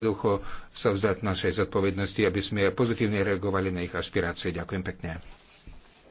jednoducho sa vzdať našej zodpovednosti, aby sme pozitívne reagovali na ich aspirácie. Ďakujem pekne.